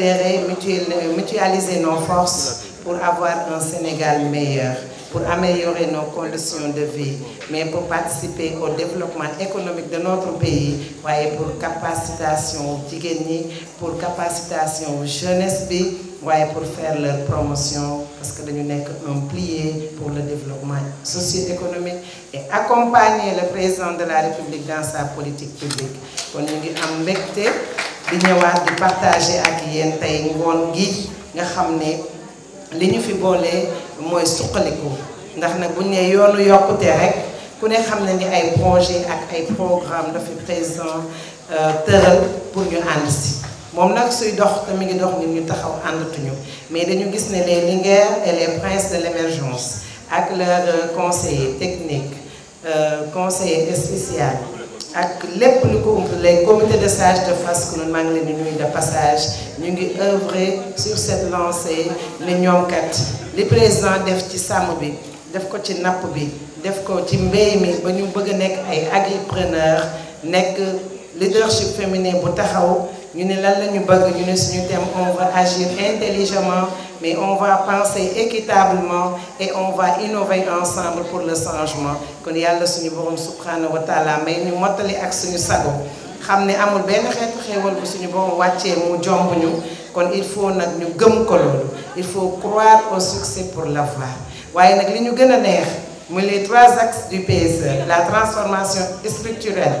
Nous ñu mutualiser nos forces pour avoir un Sénégal meilleur pour améliorer nos conditions de vie mais pour participer au développement économique de notre pays waaye pour capacitation jigéen ñi pour capacitation jeunesse pour faire leur promotion parce que nous sommes un plié pour le développement socio-économique et accompagner le président de la République dans sa politique publique Nous sommes ngi am de partager avec les tey ngoon gi nga xam ne li ñu fi bolé moy suqaliku ndax nak bu ñu yoonu yokuté rek ku né les ne ni ay projet ak ay programme dafa euh, pour nous and ci mom nak suy dox te dox Nous ñu taxaw mais les et les princes de l'émergence, ak leur euh, technique euh, conseiller spécial ak plus lu les comités de sages de France de passage ñu ngi œuvrer sur cette lancée ne ñoom kat li président def ci bi def ko ci bi def leadership féminin ñu ne lan la ñu bëgg ñu ne suñu thème on va agir intelligemment mais on va penser équitablement et on va innover ensemble pour le changement kon yàlla suñu borom subhanahu wa taala may ñu mottali ak suñu sago xam ne amul benn xeetu xéewal bu suñu borom wàccee mu jomb ñu kon il faut nag ñu gëm ko loolu il faut croire au succès pour l'avoir waaye nag li ñu gën neex muy les trois axes du PSE la transformation structurelle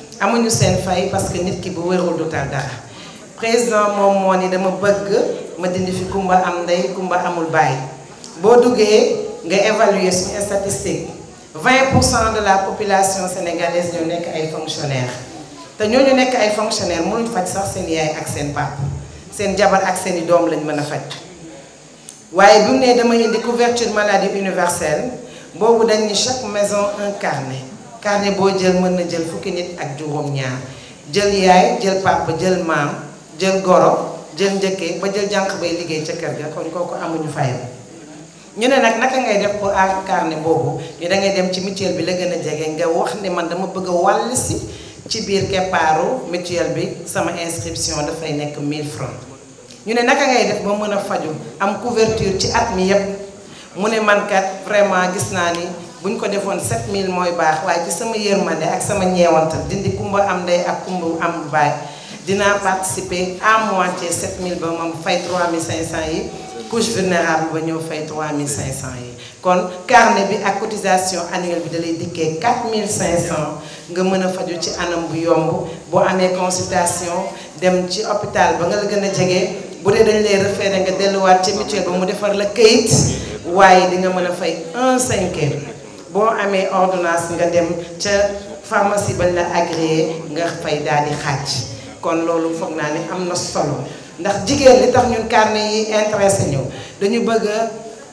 amuñu seen fay parce que nit ki bu wérul du dara président moom moo ni dama bëgg ma dindi fi kumba am ndey kumba amul bàyyi boo duggee nga évaluer suñu statistique 20 pour cent de la population sénégalaise ñoo nekk ay fonctionnaires te ñooñu nekk ay fonctionnaires mënuñ faj sax seen yaay ak seen pap seen jabar ak seen i doom lañ mën a faj waaye bu mu ne dama indi couverture maladie universelle boobu dañ ni chaque maison un carnet carnet boo jël mën na jël fukki nit ak juróom-ñaar jël yaay jël papa jël maam jël goro jël njëkke ba jël jànq bay liggéey ca kër ga kon kooku amuñu fay ñu ne nag naka ngay def pour aar carnet boobu da ngay dem ci mutuelle bi la gën a jege nga wax ne man dama bëgg a si ci biir keppaaru mutuelle bi sama inscription dafay nekk 1000 francs ñu ne naka ngay def ba mën a faju am couverture ci at mi yépp mu ne man kat vraiment gis naa ni. buñ ko defoon 7000 mooy baax waaye ci sama yërmande ak sama ñeewantal dindi kumba am ndey ak kumba am baay dinaa participer à moitié 7000 ba moom fay 3500 yi couche vulnérable ba ñëw fay 3500 yi kon carnet bi ak cotisation annuelle bi da lay dikkee 4500 nga mën a faju ci anam bu yomb bu amee consultation dem ci hôpital ba nga la gën a jege bu dee dañ lay référé nga delluwaat ci mutuel ba mu defar la kayit waaye di nga mën a fay un cinquième Bon amé ordonnance nga dem ci pharmacie bañ la agréé nga fay daal di kon lolu foog naa ne am solo ndax jigéen li tax ñun carnet yi intéressé ñëw dañu bëgg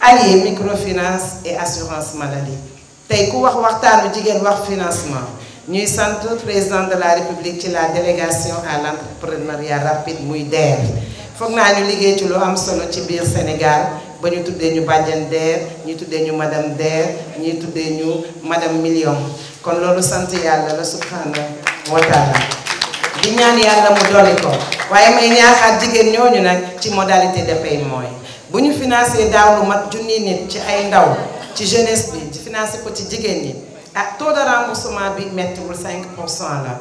allier microfinance et assurance maladie tay ku wax waxtaanu jigéen wax financement ñuy sant président de la république ci la délégation à l'entrepreneuriat rapide muy DER foog naa ñu liggéey ci lu am solo ci biir Sénégal ba ñu tuddee ñu bàjjan deer ñu tuddee ñu madame deer ñu tuddee ñu madame million kon loolu sant yàlla la subhana wa taala ñaan yàlla mu dolli ko waaye may ñaaxaat jigéen ñooñu nag ci modalité de paiement mooy bu ñu financé daaw lu mat junni nit ci ay ndaw ci jeunesse bi finance ko ci jigéen ñi ah taux de remboursement bi mettiwul cinq pour cent la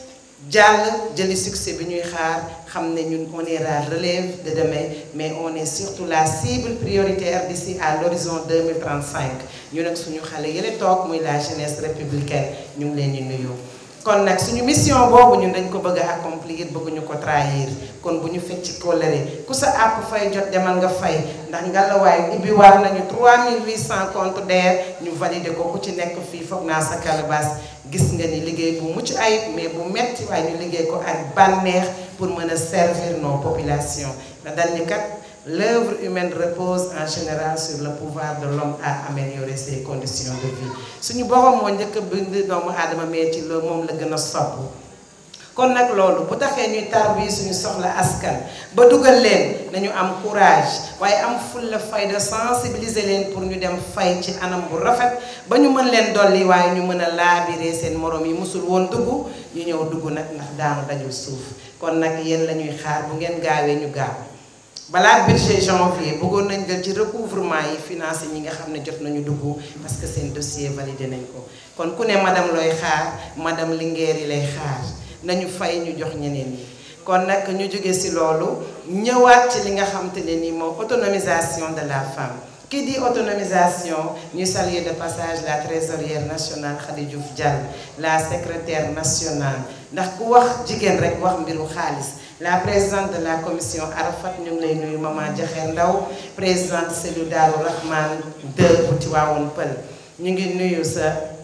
jàll jëli succès bi ñuy xaar xam ne ñun on est la relève de demain mais on est surtout la cible prioritaire d'ici à l'horizon 2035 ñu nag suñu xale yële toog muy la jeunesse républicaine ñu ngi leen di nuyu kon nag suñu mission boobu ñun dañ ko bëgg a accomplir bëgguñu ko trahir kon bu ñu fecc ci kóllëre ku sa àpp fay jot demal nga fay ndax ngallaawaay ibi war nañu 3800 comptes DER ñu valider ko ku ci nekk fi foog naa sa calebasse gis nga ni liggéey bu mucc ayib mais bu metti way ñu liggéey ko ak bànneex pour mën servir nos populations dal ni kat l'œuvre humaine repose en général sur le pouvoir de l'homme à améliorer ses conditions de vie suñu borom mo ñëk a bind doomu aadama mais ci loolu moom la gëna a sopp kon nag loolu bu taxee ñuy tarbi suñu soxla askan ba dugal leen nañu am courage waaye am fulla fayda sensibiliser leen pour ñu dem fay ci anam bu rafet ba ñu mën leen dolli waaye ñu mën a laabiree seen morom yi mosul woon dugg ñu ñëw dugg nag ndax daanu dajul suuf kon nag yéen lañuy xaar bu ngeen gaawee ñu gaaw balaa budget janvier bëggoon nañ dal ci recouvrement yi financé ñi nga xam ne jot nañu dugg parce que seen dossier validé nañ ko kon ku ne madame looy xaar madame Linguère yi lay xaar nañu fay ñu jox autonomisation de la femme qui dit autonomisation ñu de passage la trésorière nationale Khadijouf Dial la secrétaire nationale ndax ku la présidente de la commission Arafat ñu lay nuyu maman Ndaw présidente Rahman de ñu ngi nuyu sa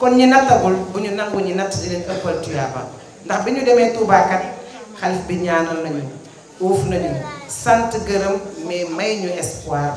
kon ñi nattagul bu ñu nangu ñi natt di leen ëppal tuyaaba ndax bi ñu demee tuubaakat xalif bi ñaanal nañu uuf nañu sant gërëm mais may ñu espoir